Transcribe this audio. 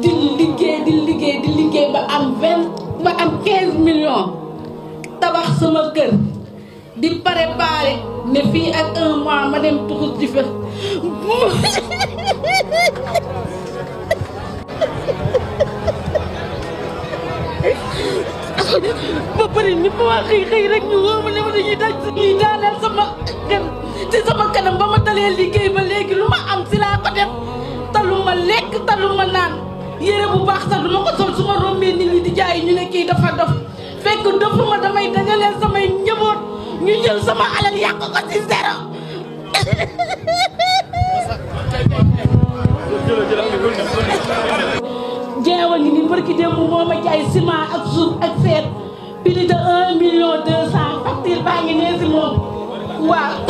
di liggéey di liggéey di liggéey ba am vingt ba am quinze millions tabax sama kër di préparé ne fii ak un mois ma dem tuxus ji fa ba bëri ni ma waa xëy xëy rek ñu woo ne ma dañuy daj lii daaneel sama kër ci sama kanam ba ma dalee liggéey ba léegi lu am si laa ko def taluma lekk taluma naan yere bu baax sax dama ko sol suma romé nit ñi di jaay ñu ne dafa dof fekk dofuma damay dajalee samay njaboot ñu jël sama alal yak ko ci zéro jeewa ni barki dem moo ma jaay sima ak sur ak seet plus de 1 million 200 facture baa ngi nee mom waaw